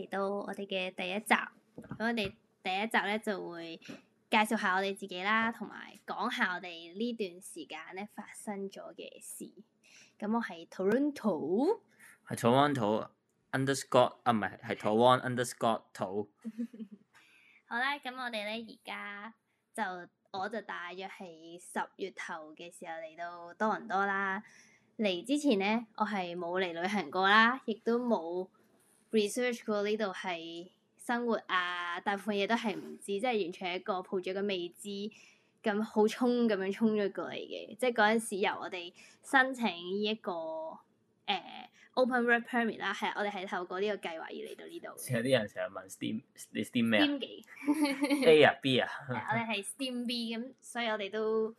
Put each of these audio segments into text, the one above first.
嚟到我哋嘅第一集，咁我哋第一集咧就會介紹下我哋自己啦，同埋講下我哋呢段時間咧發生咗嘅事。咁我係 Torontal，係 toron underscore tal 啊，唔係係 toron underscore tal。好啦，咁我哋咧而家就我就大約係十月頭嘅時候嚟到多倫多啦。嚟之前咧，我係冇嚟旅行過啦，亦都冇。Research 過呢度係生活啊，大部分嘢都係唔知，即係完全係一個抱住個未知咁好衝咁樣衝咗過嚟嘅。即係嗰陣時由我哋申請呢、這、一個誒、呃、open work permit 啦，係我哋係透過呢個計劃而嚟到呢度。有啲人成日問 am, s t e m 你 steam 咩幾啊 ？A 啊 B 啊？ 我哋係 s t e m B 咁，所以我哋都。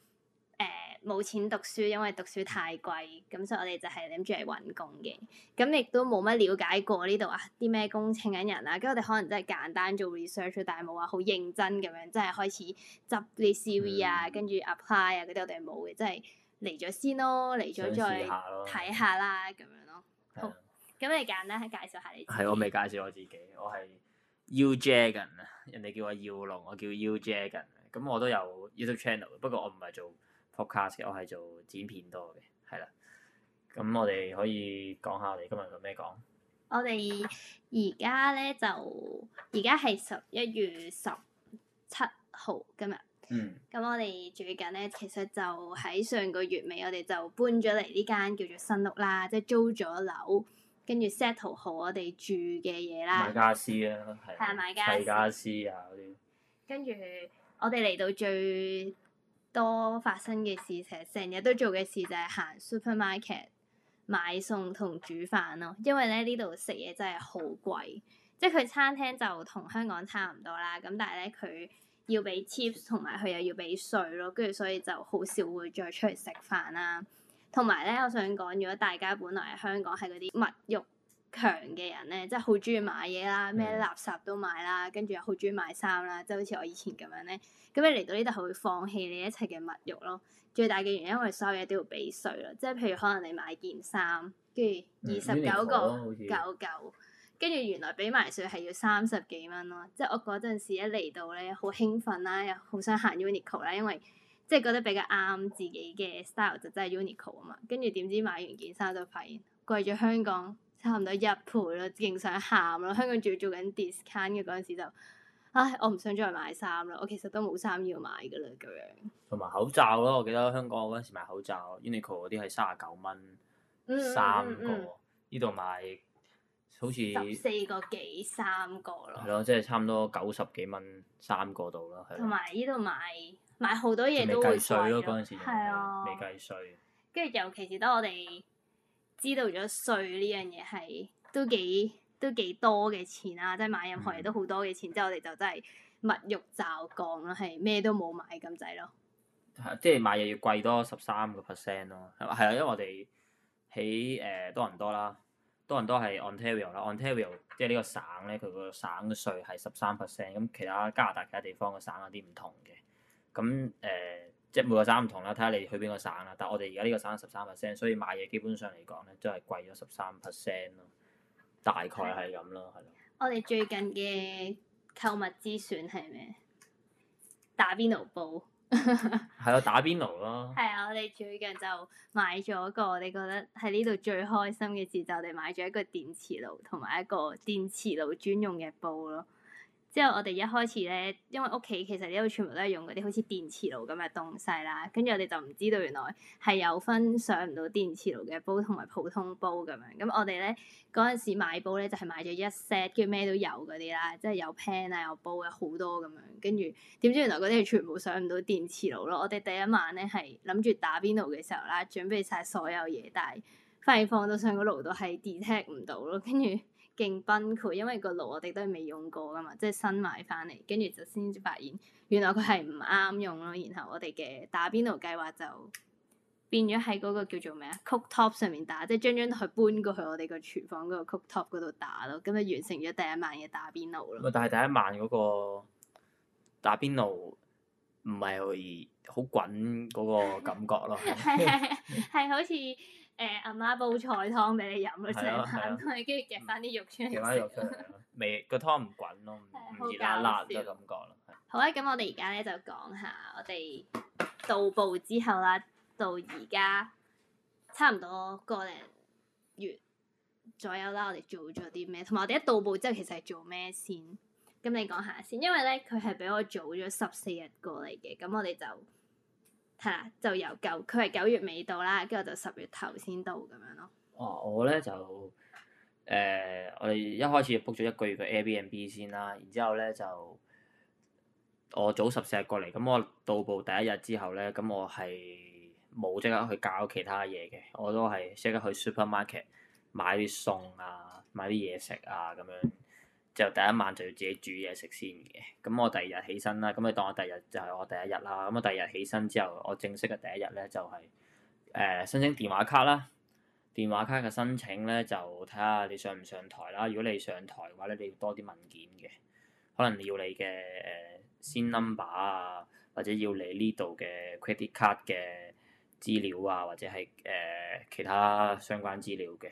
冇錢讀書，因為讀書太貴，咁所以我哋就係諗住嚟搵工嘅。咁亦都冇乜了解過呢度啊，啲咩工請緊人啊。跟住我哋可能真係簡單做 research，但係冇話好認真咁樣，真係開始執啲 CV 啊，跟住、嗯、apply 啊嗰啲我哋冇嘅，真係嚟咗先咯，嚟咗再睇下啦咁樣咯。好，咁你簡單介紹下你。係我未介紹我自己，我係 U Dragon 啊，人哋叫我耀龍，我叫 U Dragon。咁我都有 YouTube channel，不過我唔係做。Podcast，我係做剪片多嘅，係啦。咁我哋可以講下我哋今日有咩講？我哋而家咧就而家係十一月十七號今日。嗯。咁我哋最近咧，其實就喺上個月尾，我哋就搬咗嚟呢間叫做新屋啦，即係租咗樓，跟住 settle 好我哋住嘅嘢啦。買傢俬啦，係砌傢俬啊嗰啲。跟住我哋嚟到最多發生嘅事情，成日都做嘅事就係行 supermarket 買餸、同煮飯咯，因為咧呢度食嘢真係好貴，即係佢餐廳就同香港差唔多啦，咁但係咧佢要俾 tips 同埋佢又要俾稅咯，跟住所以就好少會再出去食飯啦。同埋咧，我想講，如果大家本來喺香港係嗰啲物欲強嘅人呢，即係好中意買嘢啦，咩垃圾都買啦，跟住又好中意買衫啦，即係好似我以前咁樣呢。咁你嚟到呢度係會放棄你一切嘅物慾咯。最大嘅原因係因為所有嘢都要俾稅咯，即係譬如可能你買件衫，跟住二十九個九九，跟住原來俾埋稅係要三十幾蚊咯。即係我嗰陣時一嚟到呢，好興奮啦，又好想行 Uniqlo 啦，因為即係覺得比較啱自己嘅 style，就真係 Uniqlo 啊嘛。跟住點知買完件衫就發現貴咗香港。差唔多一倍咯，勁想喊咯！香港仲要做緊 discount 嘅嗰陣時就，唉，我唔想再買衫啦，我其實都冇衫要買㗎啦咁樣。同埋口罩咯，我記得香港嗰陣時買口罩，Uniqlo 嗰啲係三十九蚊三個，呢度、嗯嗯嗯嗯、買好似四個幾三個咯。係咯，即、就、係、是、差唔多九十幾蚊三個度咯。同埋呢度買買好多嘢都計稅咯，嗰陣時係吧啊，未計稅。跟住尤其是得我哋。知道咗稅呢樣嘢係都幾都幾多嘅錢啦、啊，即係買任何嘢都好多嘅錢。之後我哋就真係物慾驟降，啦，係咩都冇買咁滯咯。即係買嘢要貴多十三個 percent 咯，係啊，因為我哋喺誒多倫多啦，多倫多係 Ontario 啦，Ontario 即係呢個省咧，佢個省嘅稅係十三 percent。咁其他加拿大其他地方嘅省有啲唔同嘅，咁誒。呃即係每個省唔同啦，睇下你去邊個省啦。但係我哋而家呢個省十三 percent，所以買嘢基本上嚟講咧，都係貴咗十三 percent 咯，大概係咁咯，係咯的。的我哋最近嘅購物之選係咩？打邊爐煲。係 咯，打邊爐咯。係啊，我哋最近就買咗個，你覺得喺呢度最開心嘅事就我哋買咗一個電磁爐同埋一個電磁爐專用嘅煲咯。之後我哋一開始咧，因為屋企其實呢度全部都係用嗰啲好似電磁爐咁嘅東西啦，跟住我哋就唔知道原來係有分上唔到電磁爐嘅煲同埋普通煲咁樣。咁我哋咧嗰陣時買煲咧就係買咗一 set，跟住咩都有嗰啲啦，即係有 pan 啊，有煲，有好多咁樣。跟住點知原來嗰啲係全部上唔到電磁爐咯。我哋第一晚咧係諗住打邊爐嘅時候啦，準備晒所有嘢，但係發現放到上個爐度係 detect 唔到咯，跟住。勁崩潰，因為個爐我哋都係未用過噶嘛，即係新買翻嚟，跟住就先至發現原來佢係唔啱用咯。然後我哋嘅打邊爐計劃就變咗喺嗰個叫做咩啊，cooktop 上面打，即係將將佢搬過去我哋個廚房嗰個 cooktop 嗰度打咯。咁咪完成咗第一晚嘅打邊爐咯。但係第一晚嗰個打邊爐唔係好滾嗰個感覺咯，係係好似。誒阿、呃、媽，媽煲菜湯俾你飲咯，即係、啊，跟住、啊嗯、夾翻啲肉出嚟食。夾翻肉出嚟，未個湯唔滾咯，唔、嗯、熱辣辣嘅感覺咯。好啦，咁我哋而家咧就講下我哋到步之後啦，到而家差唔多個零月左右啦，我哋做咗啲咩？同埋我哋一到步之後其實係做咩先？咁你講下先，因為咧佢係比我早咗十四日過嚟嘅，咁我哋就。係啦，就由九佢係九月尾到啦，跟住就十月頭先到咁樣咯。哦，我咧就誒、呃，我哋一開始 book 咗一個月嘅 Airbnb 先啦，然之後咧就我早十四日過嚟，咁我到步第一日之後咧，咁我係冇即刻去搞其他嘢嘅，我都係即刻去 supermarket 買啲餸啊，買啲嘢食啊咁樣。就第一晚就要自己煮嘢食先嘅。咁我第二日起身啦，咁你當我第二日就係我第一日啦。咁我第二日起身之後，我正式嘅第一日咧就係、是、誒、呃、申請電話卡啦。電話卡嘅申請咧就睇下你上唔上台啦。如果你上台嘅話咧，你要多啲文件嘅，可能要你嘅誒 SIN number 啊，或者要你呢度嘅 credit card 嘅資料啊，或者係誒、呃、其他相關資料嘅。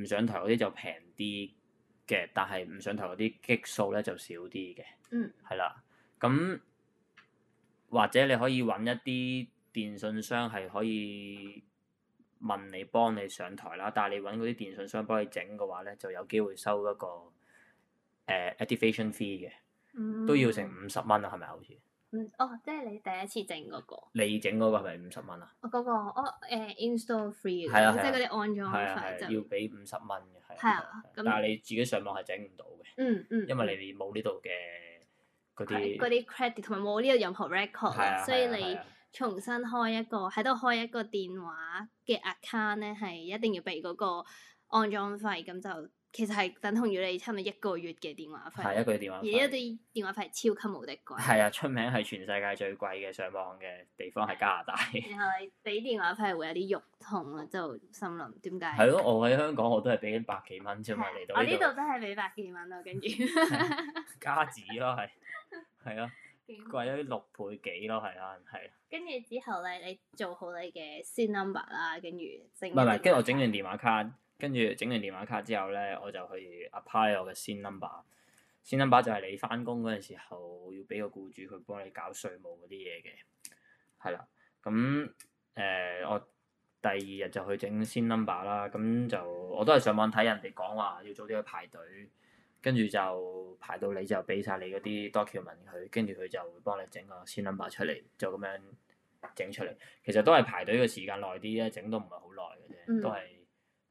唔上台嗰啲就平啲。嘅，但係唔上台嗰啲激數咧就少啲嘅。嗯，係啦，咁或者你可以揾一啲電信商係可以問你幫你上台啦。但係你揾嗰啲電信商幫你整嘅話咧，就有機會收一個誒 activation fee 嘅，呃嗯，都要成五十蚊啊，係咪好似。嗯，哦，即係你第一次整嗰個，你整嗰個係咪五十蚊啊？我嗰個哦誒 install free 嘅，即係嗰啲安裝費就，要俾五十蚊嘅，係啊。但係你自己上網係整唔到嘅，嗯嗯，因為你冇呢度嘅嗰啲，啲 credit 同埋冇呢度任何 record，所以你重新開一個喺度開一個電話嘅 account 咧，係一定要俾嗰個安裝費，咁就。其實係等同於你差唔多一個月嘅電話費，係一個月電話費，而家啲電話費係超級無敵貴。係啊，出名係全世界最貴嘅上網嘅地方係加拿大。然後你俾電話費會有啲肉痛啊，就心諗點解？係咯，我喺香港我都係俾百幾蚊啫嘛，嚟到呢我呢度都係俾百幾蚊咯，跟住加紙咯，係係啊，貴咗六倍幾咯，係啊，係。跟住之後咧，你做好你嘅 SIN number 啦，跟住整。唔係跟住我整完電話卡。跟住整完電話卡之後咧，我就去 apply 我嘅 SIN number。SIN number 就係你翻工嗰陣時候要俾個僱主去幫你搞稅務嗰啲嘢嘅，係啦。咁誒、呃，我第二日就去整 SIN number 啦。咁就我都係上網睇人哋講話要早啲去排隊，跟住就排到你，你就俾晒你嗰啲 document 佢，跟住佢就會幫你整個 SIN number 出嚟，就咁樣整出嚟。其實都係排隊嘅時間耐啲啫，整都唔係好耐嘅啫，都係、嗯。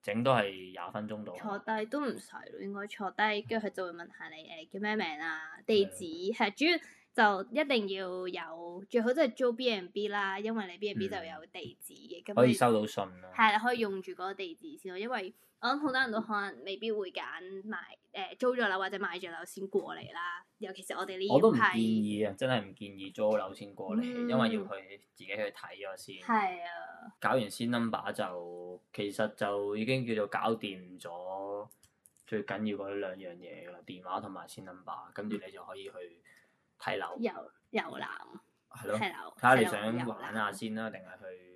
整都係廿分鐘度。坐低都唔使，應該坐低，跟住佢就會問下你誒、欸、叫咩名啊，地址，係、嗯、主要就一定要有，最好都係租 B＆B 啦，因為你 B＆B 就有地址嘅，咁、嗯、你可以收到信咯。係可以用住嗰個地址先咯，因為我諗好多人都可能未必會揀埋。誒租咗樓或者買咗樓先過嚟啦，尤其是我哋呢一批。我都唔建議啊，真係唔建議租樓先過嚟，嗯、因為要去自己去睇咗先。係啊。搞完 SIN number 就其實就已經叫做搞掂咗最緊要嗰兩樣嘢啦，電話同埋 SIN number，跟住你就可以去睇樓，遊遊覽。係咯。睇下你想玩下先啦，定係去？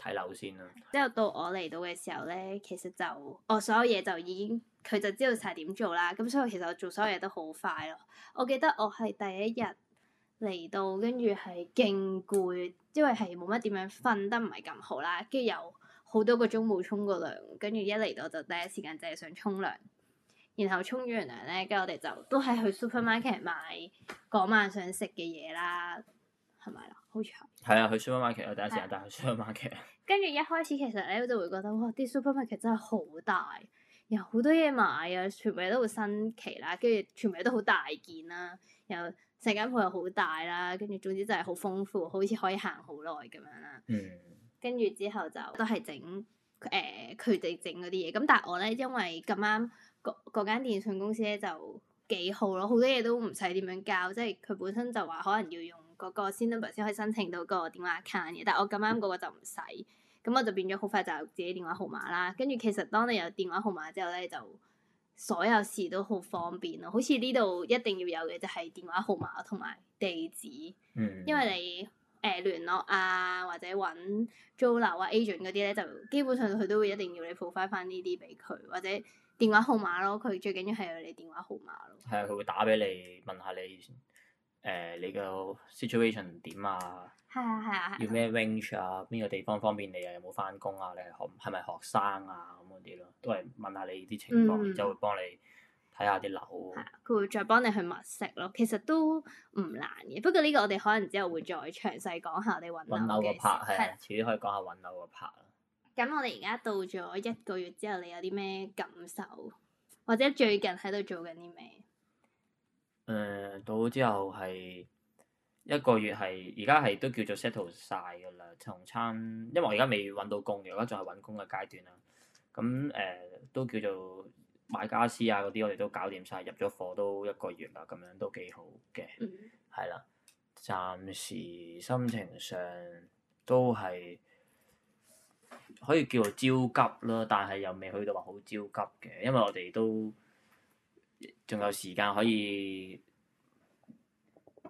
睇樓先啦，之後到我嚟到嘅時候咧，其實就我、哦、所有嘢就已經佢就知道晒點做啦，咁所以其實我做所有嘢都好快咯。我記得我係第一日嚟到，跟住係勁攰，因為係冇乜點樣瞓得唔係咁好啦，跟住又好多個鐘冇沖過涼，跟住一嚟到就第一時間就係想沖涼，然後沖完涼咧，跟住我哋就都係去 supermarket 買嗰晚想食嘅嘢啦，係咪啦？好長，係、嗯、啊，去 supermarket Super 啊，但係第一時間帶去 supermarket。跟住一開始其實咧，我就會覺得哇，啲 supermarket 真係好大，然後好多嘢買啊，全部嘢都好新奇啦，跟住全部嘢都好大件、啊、鋪大啦，然後成間鋪又好大啦，跟住總之就係好豐富，好似可以行好耐咁樣啦。嗯。跟住之後就都係整，誒佢哋整嗰啲嘢。咁但係我咧，因為咁啱嗰嗰間電信公司咧就幾好咯，好多嘢都唔使點樣交，即係佢本身就話可能要用。嗰個 SIM number 先可以申請到個電話卡嘅，但係我咁啱嗰個就唔使，咁我就變咗好快就自己電話號碼啦。跟住其實當你有電話號碼之後咧，就所有事都好方便咯。好似呢度一定要有嘅就係電話號碼同埋地址，嗯、因為你誒、呃、聯絡啊或者揾租樓啊 agent 嗰啲咧，就基本上佢都會一定要你 provide 翻呢啲俾佢，或者電話號碼咯。佢最緊要係有你電話號碼咯。係啊，佢會打俾你問下你。問問你誒、呃，你個 situation 點啊？係啊，係啊，係。要咩 range 啊？邊個地方方便你啊？有冇翻工啊？你係學係咪學生啊？咁嗰啲咯，都係問，問下你啲情況，然之、嗯、後會幫你睇下啲樓。係啊，佢會再幫你去物色咯。其實都唔難嘅，不過呢個我哋可能之後會再詳細講下你揾樓嘅拍，係，遲啲、啊啊、可以講下揾樓嘅拍。a 咁我哋而家到咗一個月之後，你有啲咩感受？或者最近喺度做緊啲咩？誒、嗯，到咗之後係一個月係，而家係都叫做 settle 晒噶啦，從餐，因為我而家未搵到工，而家仲係搵工嘅階段啦。咁誒、呃，都叫做買家私啊嗰啲，我哋都搞掂晒，入咗伙都一個月啦，咁樣都幾好嘅，係啦、嗯。暫時心情上都係可以叫做焦急啦，但係又未去到話好焦急嘅，因為我哋都。仲有時間可以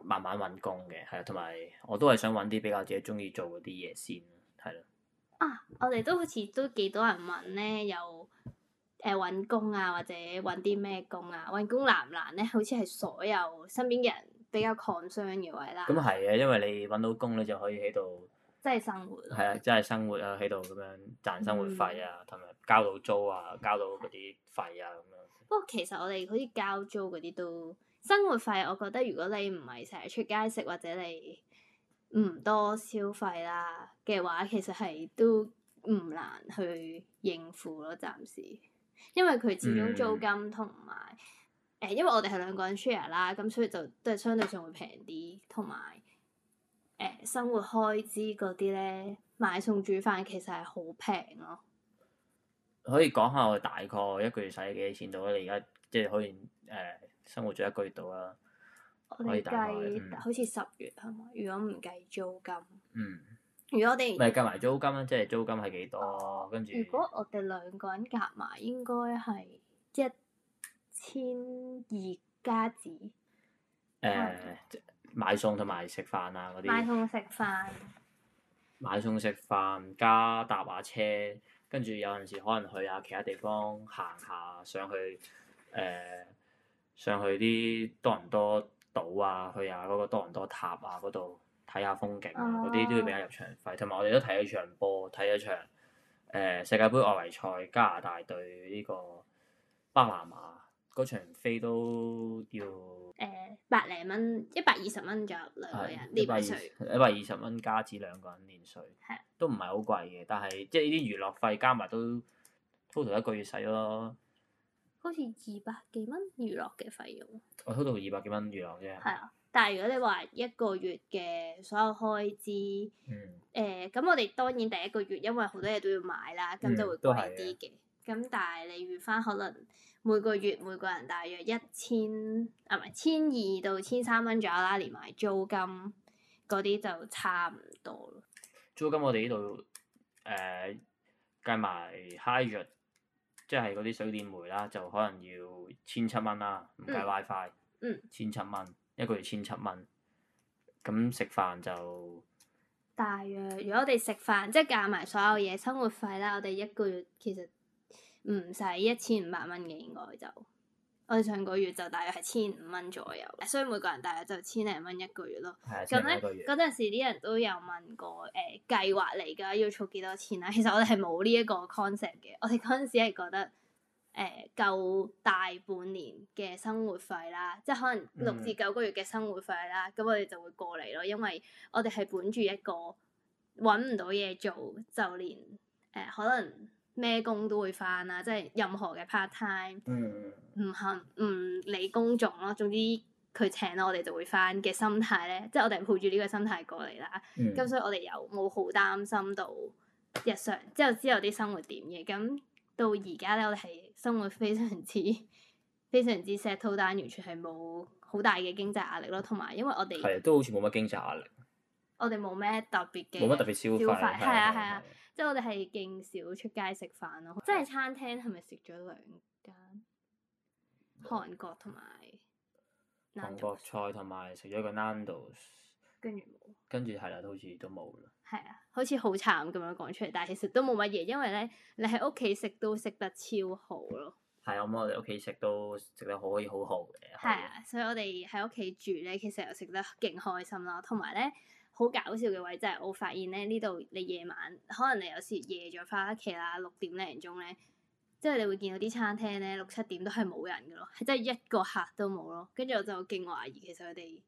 慢慢揾工嘅，係啊，同埋我都係想揾啲比較自己中意做嗰啲嘢先，係咯。啊，我哋都好似都幾多人問咧，有誒揾、呃、工啊，或者揾啲咩工啊？揾工難唔難咧？好似係所有身邊嘅人比較 concern 嘅位啦。咁啊係嘅，嗯嗯、因為你揾到工咧，就可以喺度，即係生活。係啊，即係生活啊，喺度咁樣賺生活費啊，同埋、嗯、交到租啊，交到嗰啲費啊咁樣。不過其實我哋好似交租嗰啲都生活費，我覺得如果你唔係成日出街食或者你唔多消費啦嘅話，其實係都唔難去應付咯，暫時。因為佢始終租金同埋誒，因為我哋係兩個人 share 啦，咁所以就都係相對上會平啲，同埋誒生活開支嗰啲呢，買餸煮飯其實係好平咯。可以講下我大概一個月使幾多錢到咧？你而家即係可以誒、呃、生活咗一個月度啦，我哋計、嗯、好似十月係嘛？如果唔計租金，嗯，如果我哋咪計埋租金啊，即係租金係幾多？哦、跟住著如果我哋兩個人夾埋，應該係一千二加紙，誒買餸同埋食飯啊，嗰啲買餸食飯、買餸食飯加搭下車。跟住有陣時可能去下其他地方行下，上去誒、呃，上去啲多倫多島啊，去下嗰個多倫多塔啊嗰度睇下風景、啊，嗰啲、啊、都要俾下入場費。同埋我哋都睇咗場波，睇咗場誒、呃、世界盃外圍賽加拿大對呢個巴拿馬。嗰場飛都要誒、呃、百零蚊，一百二十蚊左右兩個人年歲，一百二十蚊加至兩個人年歲，係的都唔係好貴嘅。但係即係呢啲娛樂費加埋都 total 一個月使咯，好似二百幾蚊娛樂嘅費用。我 total 二百幾蚊娛樂啫，係啊。但係如果你話一個月嘅所有開支，嗯咁，呃、我哋當然第一個月因為好多嘢都要買啦，咁就會貴啲嘅。咁、嗯、但係你預返可能。每個月每個人大約一千啊，唔係千二到千三蚊左右啦，連埋租金嗰啲就差唔多。租金我哋呢度誒計埋 Hydro，即係嗰啲水電煤啦，就可能要千七蚊啦，唔計 WiFi，千七蚊一個月，千七蚊。咁、嗯、食飯就大約，如果我哋食飯即係夾埋所有嘢生活費啦，我哋一個月其實。唔使一千五百蚊嘅，1, 應該就我哋上個月就大約係千五蚊左右，所以每個人大約就千零蚊一個月咯。咁咧嗰陣時啲人都有問過，誒、呃、計劃嚟㗎，要儲幾多錢啊？其實我哋係冇呢一個 concept 嘅，我哋嗰陣時係覺得誒、呃、夠大半年嘅生活費啦，即係可能六至九個月嘅生活費啦，咁、嗯、我哋就會過嚟咯，因為我哋係本住一個揾唔到嘢做就連誒、呃、可能。咩工都會翻啊，即係任何嘅 part time，唔、嗯、行唔理工種咯。總之佢請我哋就會翻嘅心態呢，即係我哋抱住呢個心態過嚟啦。咁、嗯、所以我哋又冇好擔心到日常，之後之後啲生活點嘅。咁到而家呢，我哋係生活非常之非常之 settle down，但係完全係冇好大嘅經濟壓力咯。同埋因為我哋係都好似冇乜經濟壓力，我哋冇咩特別嘅消費，係啊係啊。即係我哋係勁少出街食飯咯，即係餐廳係咪食咗兩間韓國同埋韓國菜同埋食咗個 Nando's，跟住冇，跟住係啦，好似都冇啦。係啊，好似好慘咁樣講出嚟，但係其實都冇乜嘢，因為咧你喺屋企食都食得超好咯。係啊，咁我哋屋企食都食得可以好好嘅。係啊，所以我哋喺屋企住咧，其實又食得勁開心咯，同埋咧。好搞笑嘅位就係我發現呢，呢度你夜晚可能你有時夜咗翻屋企啦，六點零鐘呢，即係你會見到啲餐廳呢，六七點都係冇人嘅咯，係真係一個客都冇咯。跟住我就勁懷疑其實佢哋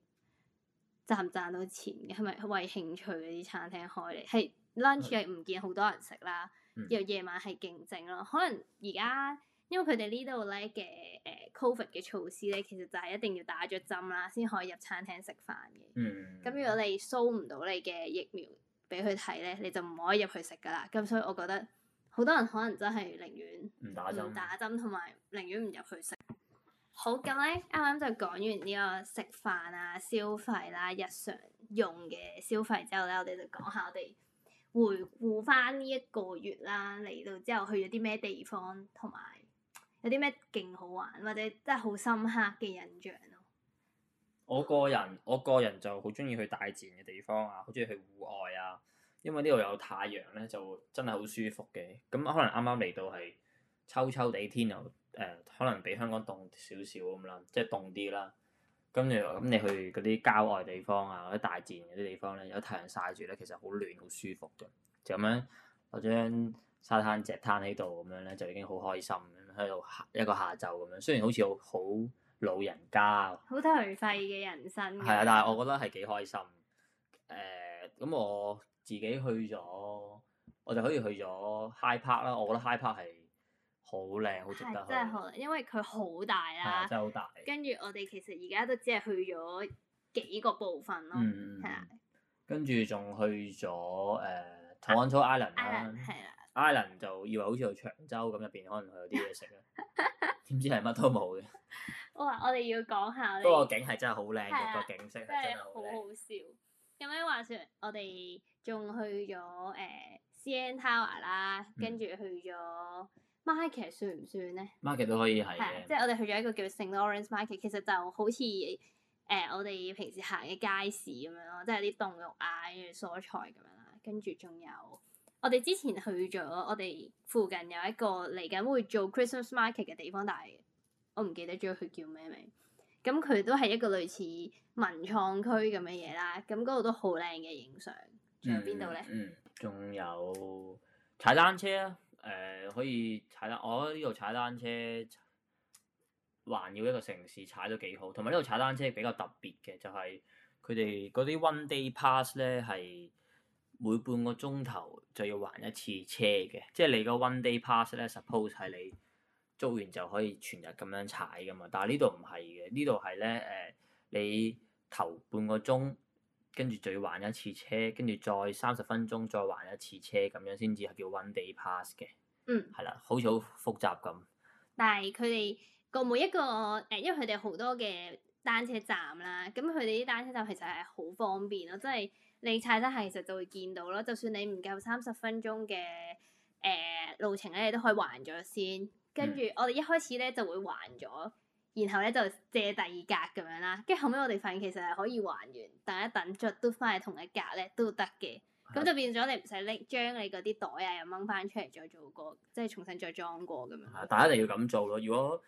賺唔賺到錢嘅，係咪為興趣嗰啲餐廳開嚟？係 lunch 係唔見好多人食啦，又的夜晚係勁靜咯。可能而家。因為佢哋呢度咧嘅誒 covid 嘅措施咧，其實就係一定要打咗針啦，先可以入餐廳食飯嘅。嗯，咁如果你 show 唔到你嘅疫苗俾佢睇咧，你就唔可以入去食噶啦。咁所以我覺得好多人可能真係寧願唔打針，唔打針，同埋寧願唔入去食。好咁咧，啱啱就講完呢個食飯啊、消費啦、啊、日常用嘅消費之後咧，我哋就講下我哋回顧翻呢一個月啦，嚟到之後去咗啲咩地方，同埋，有啲咩勁好玩，或者真係好深刻嘅印象咯？我個人，我個人就好中意去大自然嘅地方啊，好中意去戶外啊，因為呢度有太陽咧，就真係好舒服嘅。咁可能啱啱嚟到係秋秋地天又誒、呃，可能比香港凍少少咁啦，即係凍啲啦。咁然咁你去嗰啲郊外地方啊，或者大自然嗰啲地方咧，有太陽曬住咧，其實好暖好舒服嘅。就咁樣有張沙灘、石灘喺度咁樣咧，就已經好開心。喺度下一個下晝咁樣，雖然好似好老人家，好頹廢嘅人生。係啊，但係我覺得係幾開心。誒、呃，咁我自己去咗，我就可以去咗 High Park 啦。我覺得 High Park 係好靚，好值得去。真係好，因為佢好大啦。真係好大。跟住我哋其實而家都只係去咗幾個部分咯，係啊。跟住仲去咗誒 Toronto Island 啦。啊。啊。Irene 就以為好似去長洲咁入邊，可能會有啲嘢食咧，點 知係乜都冇嘅。哇！我哋要講下，呢個景係真係好靚嘅，個景色係真係好、啊、好笑。咁樣話説，我哋仲去咗誒 CN Tower 啦，跟住去咗 market、嗯、算唔算咧？market 都可以係、啊，即係我哋去咗一個叫 St Lawrence Market，其實就好似誒、呃、我哋平時行嘅街市咁樣咯，即係啲凍肉啊，跟住蔬菜咁樣啦，跟住仲有。我哋之前去咗，我哋附近有一個嚟緊會做 Christmas market 嘅地方，但係我唔記得咗佢叫咩名。咁佢都係一個類似文創區咁嘅嘢啦。咁嗰度都好靚嘅影相。仲有邊度咧？嗯，仲有踩單車啊！誒、呃，可以踩啦，我覺得呢度踩單車環繞一個城市踩得幾好。同埋呢度踩單車比較特別嘅就係佢哋嗰啲 one day pass 咧係。每半個鐘頭就要還一次車嘅，即係你個 one day pass 咧，suppose 係你租完就可以全日咁樣踩噶嘛。但係呢度唔係嘅，呢度係咧誒，你頭半個鐘跟住就要還一次車，跟住再三十分鐘再還一次車，咁樣先至係叫 one day pass 嘅。嗯，係啦，好似好複雜咁。但係佢哋個每一個誒，因為佢哋好多嘅單車站啦，咁佢哋啲單車站其實係好方便咯，即係。你踩得行，其實就會見到咯。就算你唔夠三十分鐘嘅誒、呃、路程咧，你都可以還咗先。跟住我哋一開始咧就會還咗，然後咧就借第二格咁樣啦。跟住後尾我哋發現其實係可以還完等一等咗都翻去同一格咧都得嘅，咁的就變咗你唔使拎將你嗰啲袋啊又掹翻出嚟再做過，即係重新再裝過咁樣。係，但一定要咁做咯。如果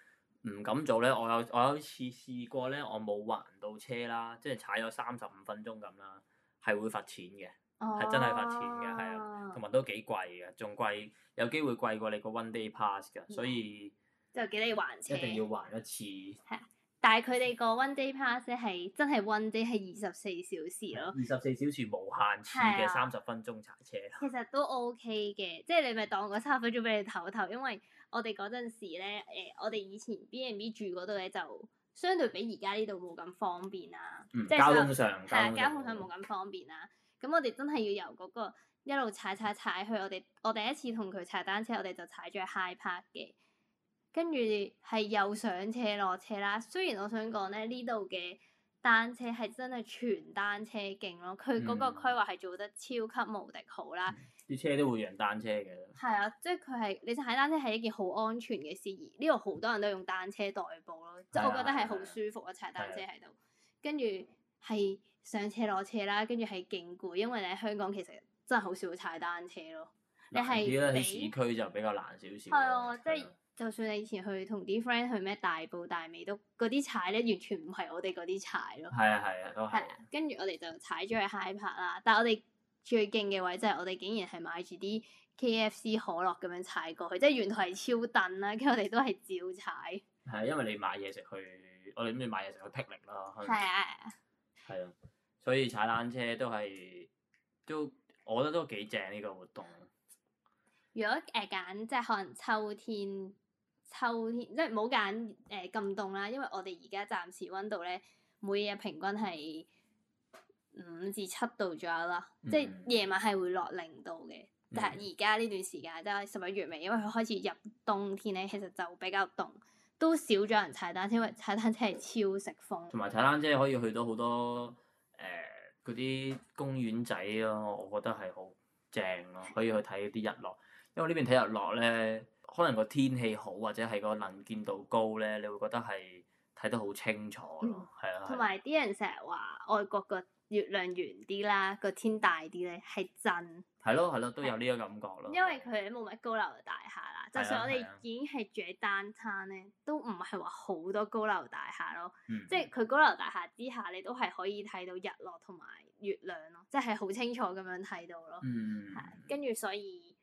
唔咁做咧，我有我有一次試過咧，我冇還到車啦，即係踩咗三十五分鐘咁啦。係會罰錢嘅，係、oh. 真係罰錢嘅，係啊，同埋都幾貴嘅，仲貴有機會貴過你個 one day pass 嘅，Yeah. 所以就係幾你還車，一定要還一次。係但係佢哋個 one day pass 係真係 one day 係二十四小時咯，二十四小時無限次嘅三十分鐘查車。其實都 OK 嘅，即係你咪當個三十分鐘俾你唞唞，因為我哋嗰陣時咧，誒、呃、我哋以前 B&B 住嗰度咧就。相對比而家呢度冇咁方便啊，即係、嗯、交通上，係啊交通上冇咁方便啊。咁 我哋真係要由嗰個一路踩踩踩去。我哋我第一次同佢踩單車，我哋就踩咗去 high park 嘅，跟住係又上車落車啦。雖然我想講咧呢度嘅。單車係真係全單車徑咯，佢嗰個規劃係做得超級無敵好啦！啲、嗯、車都會讓單車嘅。係啊，即係佢係你踩單車係一件好安全嘅事宜，呢度好多人都用單車代步咯，啊、即係我覺得係好舒服啊！踩單車喺度，跟住係上車攞車啦，跟住係勁攰，因為你喺香港其實真係好少踩單車咯。尤其是咧喺市區就比較難少少。係啊，即係。就算你以前去同啲 friend 去咩大埔大美督嗰啲踩咧，完全唔係我哋嗰啲踩咯。係啊係啊都係。跟住我哋就踩咗去 High Park 啦，但係我哋最勁嘅位就係我哋竟然係買住啲 KFC 可樂咁樣踩過去，即係沿途係超燉啦，跟住我哋都係照踩。係啊，因為你買嘢食去，我哋諗住買嘢食去 picnic 咯。係啊係啊。係啊，所以踩單車都係都，我覺得都幾正呢個活動。如果誒揀，呃、即係可能秋天。秋天即係唔好揀誒咁凍啦，因為我哋而家暫時溫度咧，每日平均係五至七度左右啦。嗯、即係夜晚係會落零度嘅。嗯、但係而家呢段時間即係十一月尾，因為佢開始入冬天咧，其實就比較凍，都少咗人踩單車。因為踩單車係超食風，同埋踩單車可以去到好多誒嗰啲公園仔咯，啊，我覺得係好正咯，啊，可以去睇啲日落。因為呢邊睇日落咧。可能個天氣好，或者係個能見度高呢，你會覺得係睇得好清楚咯。係啊，同埋啲人成日話外國個月亮圓啲啦，個天大啲呢係真。係咯，係咯，都有呢個感覺咯。因為佢冇乜高樓大廈啦，就算我哋已經係住喺 downtown 呢，都唔係話好多高樓大廈咯。即係佢高樓大廈之下，你都係可以睇到日落同埋月亮咯，即係好清楚咁樣睇到咯。係跟住所以。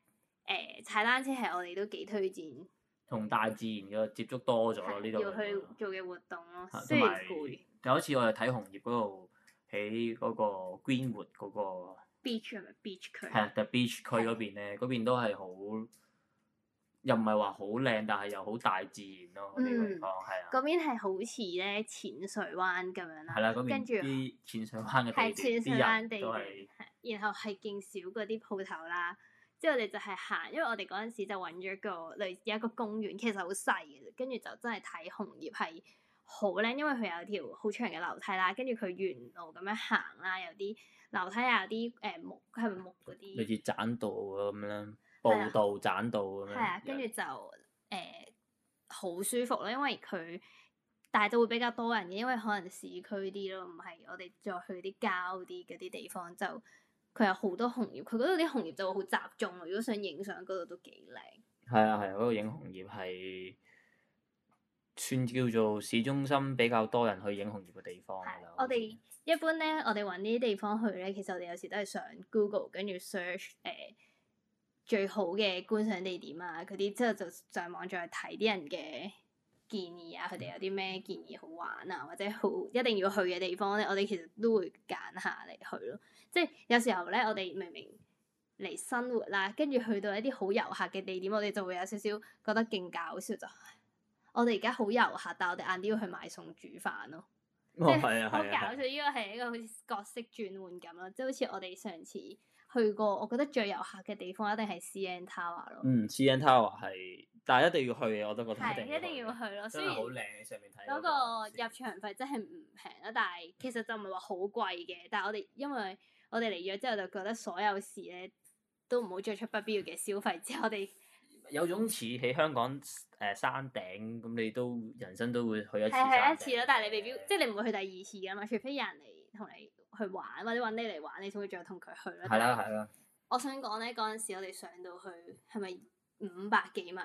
誒踩單車係我哋都幾推薦，同大自然嘅接觸多咗呢度要去做嘅活動咯，雖然攰。就好似我哋睇紅葉嗰度，喺嗰個 Greenwood 嗰個 beach 係咪 beach 區？係啊，beach 區嗰邊咧，嗰邊都係好，又唔係話好靚，但係又好大自然咯，可以講係啊。嗰邊係好似咧淺水灣咁樣啦，跟住啲淺水灣嘅地點，然後係勁少嗰啲鋪頭啦。之後我哋就係行，因為我哋嗰陣時就揾咗一個類似一個公園，其實好細嘅，跟住就真係睇紅葉係好靚，因為佢有條好長嘅樓梯啦，跟住佢沿路咁樣行啦，有啲樓梯又有啲誒、呃、木，係咪木嗰啲？類似棧道咁啦，步道、的棧道咁樣。係啊的，跟住的就誒好、呃、舒服咯，因為佢但係都會比較多人嘅，因為可能市區啲咯，唔係我哋再去啲郊啲嗰啲地方就。佢有好多紅葉，佢嗰度啲紅葉就會好集中。如果想影相，嗰度都幾靚。係啊，係嗰度影紅葉係算叫做市中心比較多人去影紅葉嘅地方。係、啊好，我哋一般咧，我哋搵呢啲地方去咧，其實我哋有時都係上 Google 跟住 search 誒、呃、最好嘅觀賞地點啊，嗰啲之後就上網再睇啲人嘅建議啊，佢哋有啲咩建議好玩啊，或者好一定要去嘅地方呢，我哋其實都會揀下嚟去咯。即係有時候呢，我哋明明嚟生活啦，跟住去到一啲好遊客嘅地點，我哋就會有少少覺得勁搞笑就係，我哋而家好遊客，但我哋晏啲要去買餸煮飯咯，哦、即係、啊啊、好搞笑。依、啊啊、個係一個好似角色轉換咁咯，即係好似我哋上次去過，我覺得最遊客嘅地方一定係 CN Tower 咯。嗯，CN Tower 係。但係一定要去嘅，我都覺得對一定，一定要去咯。雖然好靚，上面睇嗰個入場費真係唔平啊！但係其實就唔係話好貴嘅。但係我哋因為我哋嚟咗之後就覺得所有事咧，都唔好再出不必要嘅消費。之後我哋有種似喺香港誒、呃、山頂咁，你都人生都會去一次山頂一次咯，但係你未必，的即係你唔會去第二次㗎嘛？除非有人嚟同你去玩，或者搵你嚟玩，你先會再同佢去咯。係啦係啦。我想講咧，嗰陣時我哋上到去係咪？是五百幾米，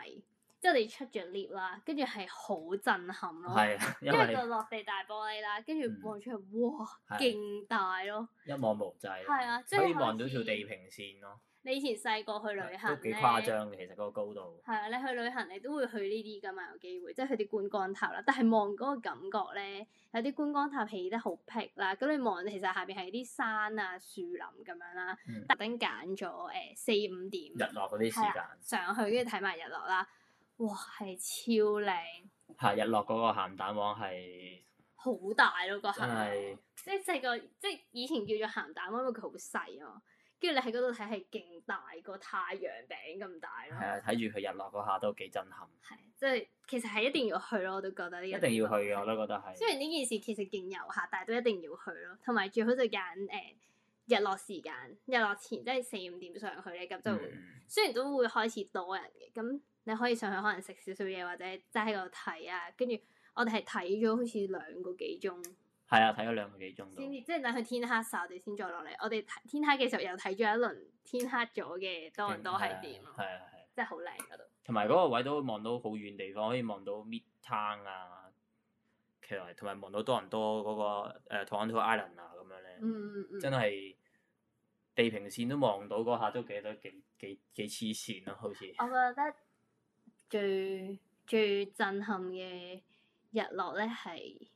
之、就、後、是、你出咗 lift 啦，跟住係好震撼咯、啊，因為個落地大玻璃啦，跟住望出去，嗯、哇，勁、啊、大咯、哦，一望無際，係啊，可以望到條地平線咯。你以前細個去旅行咧，都幾誇張嘅，其實嗰個高度。係啊，你去旅行你都會去呢啲㗎嘛，有機會，即係去啲觀光塔啦。但係望嗰個感覺咧，有啲觀光塔起得好僻啦。咁你望其實下邊係啲山啊、樹林咁樣啦、啊。特登揀咗誒四五點日落嗰啲時間上去，跟住睇埋日落啦。哇，係超靚！係日落嗰個鹹蛋黃係好大咯、啊，嗰個鹹蛋，即係細個，即係以前叫做鹹蛋黃，因為佢好細啊。跟住你喺嗰度睇係勁大個太陽餅咁大咯，係啊，睇住佢日落嗰下都幾震撼，係，即係其實係一定要去咯，我都覺得呢樣一定要去嘅，我都覺得係。雖然呢件事其實勁遊客，但係都一定要去咯，同埋最好就揀誒、呃、日落時間，日落前即係四五點上去呢咁就會、嗯、雖然都會開始多人嘅，咁你可以上去可能食少少嘢或者齋喺度睇啊，跟住我哋係睇咗好似兩個幾鐘。係啊，睇咗兩個幾鐘到，先即係等佢天黑曬，我哋先再落嚟。我哋睇天黑嘅時候又，又睇咗一輪天黑咗嘅多倫多係點，嗯嗯嗯、即係好靚嗰度。同埋嗰個位都望到好遠地方，可以望到 Midtown 啊，同埋同埋望到多倫多嗰、嗰個、呃、Toronto Island 啊咁樣咧，嗯嗯、真係地平線都望到嗰下都幾多幾幾幾黐線咯，好似。我覺得最最，最震撼嘅日落咧係。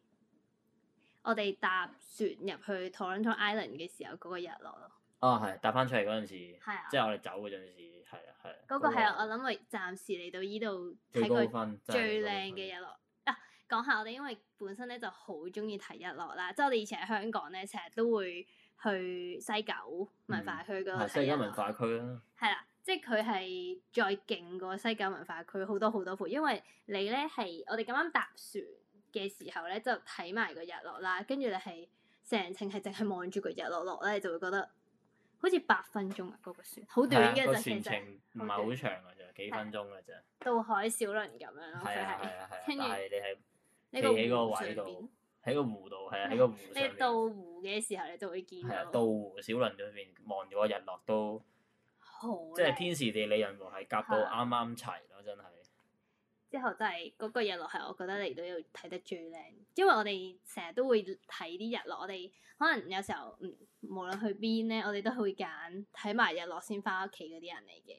我哋搭船入去 Toronto Island 嘅時，、哦、時候，嗰、啊啊啊、個日落咯。哦、嗯，係搭翻出嚟嗰陣時，即係我哋走嗰陣時，係啊係。嗰個係我諗，我暫時嚟到依度睇過最靚嘅日落。啊、嗯，講下我哋，因為本身咧就好中意睇日落啦，即係我哋以前喺香港咧，成日都會去西九文化區嗰個、嗯、西。西九文化區啦、啊。係啦、啊，即係佢係再勁過西九文化區好多好多倍，因為你咧係我哋咁啱搭船。嘅時候咧，就睇埋個日落啦，跟住你係成程係淨係望住個日落落咧，你就會覺得好似八分鐘啊嗰、嗰個船，好短嘅的就係、全程唔係好長嘅，就 Okay. 幾分鐘嘅啫。渡海小輪咁樣咯，就係，但係你係自己個位度，喺個湖度，係啊，喺個湖度。你到湖嘅時候，你就會見到。係啊，到湖小輪裏面望住個日落都好，美即係天時地利人和係夾到啱啱齊咯，真係。之後就係嗰個日落係，我覺得嚟到要睇得最靚，因為我哋成日都會睇啲日落，我哋可能有時候嗯，無論去邊呢，我哋都係會揀睇埋日落先翻屋企嗰啲人嚟嘅。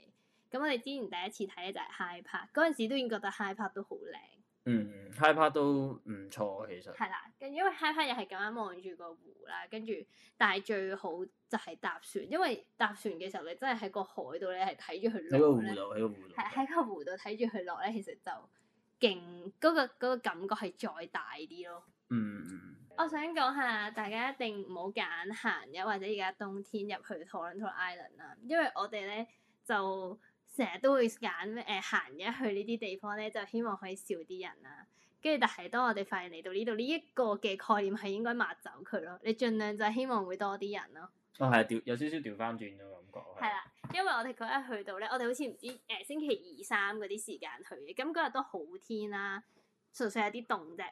咁我哋之前第一次睇咧就係 High p a r 嗰陣時，都已經覺得 High p a r 都好靚。嗯，High Park 都唔錯，其實係啦，跟因為 High Park 又係咁樣望住個湖啦，跟住，但係最好就係搭船，因為搭船嘅時候你真係喺個海度你係睇住佢落喺個湖度，喺個湖度，睇住佢落咧，其實就勁嗰、嗰個嗰個感覺係再大啲咯。嗯，嗯我想講下大家一定唔好揀閒日，或者而家冬天入去 Toronto Island 啦，因為我哋咧就。成日都會揀誒行嘢去呢啲地方咧，就希望可以少啲人啦。跟住，但係當我哋發現嚟到呢度，呢、這、一個嘅概念係應該抹走佢咯。你盡量就係希望會多啲人咯。啊、哦，係調有少少調翻轉嘅感覺。係啦，因為我哋嗰日去到咧，我哋好似唔知誒、呃、星期二三嗰啲時間去嘅，咁嗰日都好天啦、啊，純粹係啲凍啫，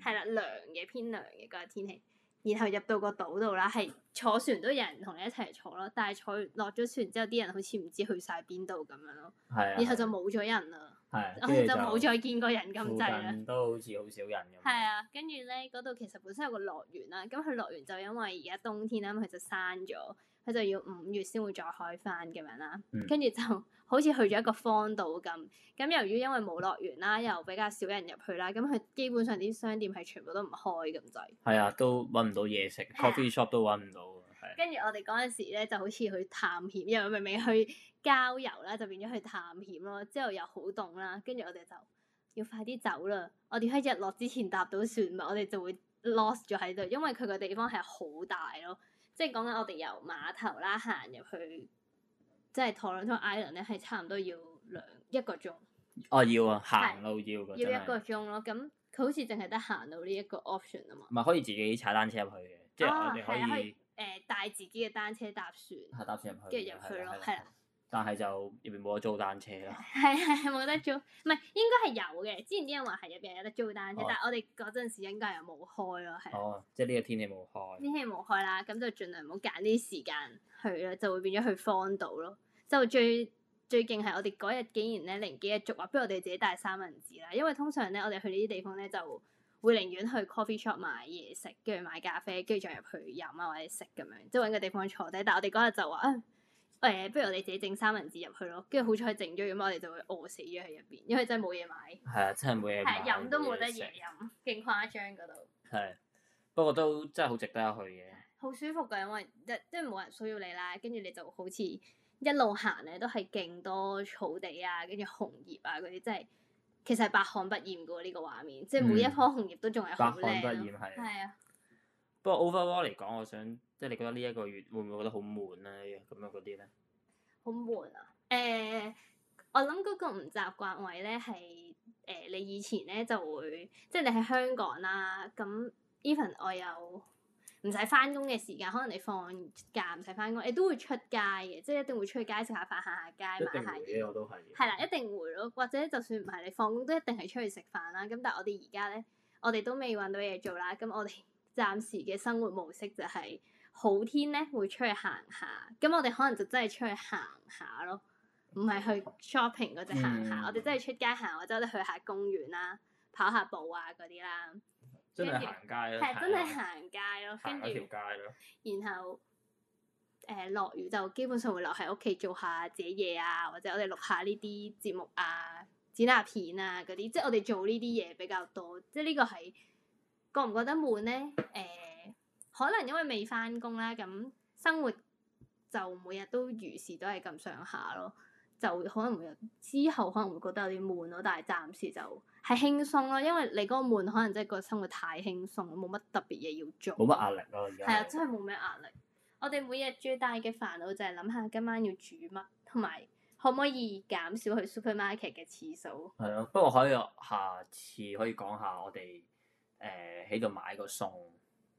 係啦、嗯、涼嘅偏涼嘅嗰日天氣。然後入到個島度啦，係坐船都有人同你一齊坐咯，但係坐落咗船之後啲人好似唔知去晒邊度咁樣咯，然後就冇咗人啦，跟住的就冇再見過人咁滯啦。都好似好少人咁。係啊，跟住咧，嗰度其實本身有個樂園啦，咁佢樂園就因為而家冬天啦，咁佢就閂咗。佢就要五月先會再開翻咁樣啦，跟住、嗯、就好似去咗一個荒島咁。咁由於因為冇樂園啦，又比較少人入去啦，咁佢基本上啲商店係全部都唔開咁滯。係、就是、啊，都揾唔到嘢食，coffee shop 都揾唔到。跟住我哋嗰陣時咧，就好似去探險，因為明明去郊遊啦，就變咗去探險咯。之後又好凍啦，跟住我哋就要快啲走啦。我哋喺日落之前搭到船咪，我哋就會 lost 咗喺度，因為佢個地方係好大咯。即係講緊我哋由碼頭啦行入去，即係托倫托艾倫 Toronto Island 咧，係差唔多要兩一個鐘。哦要啊，行路要嘅。要一個鐘咯，咁佢好似淨係得行路呢一個 option 啊嘛。唔係可以自己踩單車入去嘅，即係我哋可以誒帶自己嘅單車搭船，搭船入去，跟住入去咯，係啊。但係就入邊冇得租單車咯， 係係冇得租，唔係應該係有嘅。之前啲人話係入邊有得租單車，哦、但係我哋嗰陣時應該係冇開咯，係。哦，即係呢個天氣冇開。天氣冇開啦，咁就盡量唔好揀呢啲時間去咯，就會變咗去荒島咯。就最最勁係我哋嗰日竟然咧零幾日做話，不如我哋自己帶三文治啦，因為通常咧我哋去呢啲地方咧就會寧願去 coffee shop 買嘢食，跟住買咖啡，跟住再入去飲啊或者食咁樣，即係揾個地方坐低。但係我哋嗰日就話啊～誒、哎，不如我哋自己整三文治入去咯，跟住好彩整咗，咁我哋就會餓死咗喺入邊，因為真係冇嘢買。係啊、嗯，真係冇嘢買。係飲都冇得嘢飲，勁吃誇張嗰度。係，不過都真係好值得去嘅。好舒服噶，因為即係冇人需要你啦，跟住你就好似一路行咧，都係勁多草地啊，跟住紅葉啊嗰啲，真係其實百看不厭噶喎呢個畫面，即係每一棵紅葉都仲係好靚。百看、嗯、不厭係。係啊。的不過 overall 嚟講，我想。即係你覺得呢一個月會唔會覺得好悶咧？咁樣嗰啲咧，好悶啊！誒、呃，我諗嗰個唔習慣位咧係誒，你以前咧就會即係你喺香港啦、啊，咁、嗯、even 我有唔使返工嘅時間，可能你放假唔使返工，你都會出街嘅，即係一定會出去街食下飯、行下街、買下嘢。我都係係啦，一定會咯。或者就算唔係你放工，都一定係出去食飯啦。咁但係我哋而家咧，我哋都未搵到嘢做啦。咁我哋暫時嘅生活模式就係、是、～好天咧，會出去行下，咁我哋可能就真係出去行下咯，唔係去 shopping 嗰隻行下，嗯、我哋真係出街行，或者我哋去下公園啦，跑下步啊嗰啲啦，真係行街咯，係真係行街咯，跟住條街咯，然後誒落、呃、雨就基本上會留喺屋企做下自己嘢啊，或者我哋錄下呢啲節目啊、剪下片啊嗰啲，即係我哋做呢啲嘢比較多，即係呢個係覺唔覺得悶咧？誒、呃？可能因為未翻工咧，咁生活就每日都如是，都係咁上下咯。就可能會之後可能會覺得有啲悶咯，但係暫時就係輕鬆咯，因為你嗰個悶可能即係個生活太輕鬆，冇乜特別嘢要做，冇乜壓力咯、啊。係啊，真係冇咩壓力。 我哋每日最大嘅煩惱就係諗下今晚要煮乜，同埋可唔可以減少去 supermarket 嘅次數。係啊，不過可以下次可以講下我哋喺度買個餸。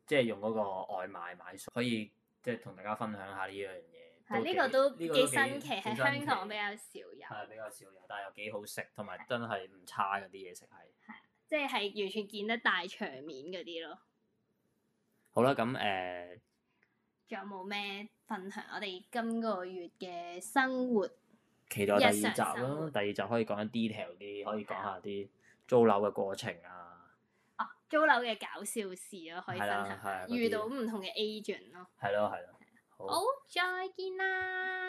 即係用嗰個外賣買餸，可以即係同大家分享下呢樣嘢。係，呢個都幾新奇，喺香港比較少有。係比較少有，但係又幾好食，同埋真係唔差嗰啲嘢食係。係即係係完全見得大場面嗰啲咯。好啦，咁誒，仲、呃、有冇咩分享？我哋今個月嘅生，生活，期待第二集啦。第二集可以講得 detail 啲，可以講下啲租樓嘅過程 Okay. 啊。租樓嘅搞笑事咯，啊，可以分享，係咯，遇到唔同嘅 agent 咯。係咯，係咯。好，好，再見啦～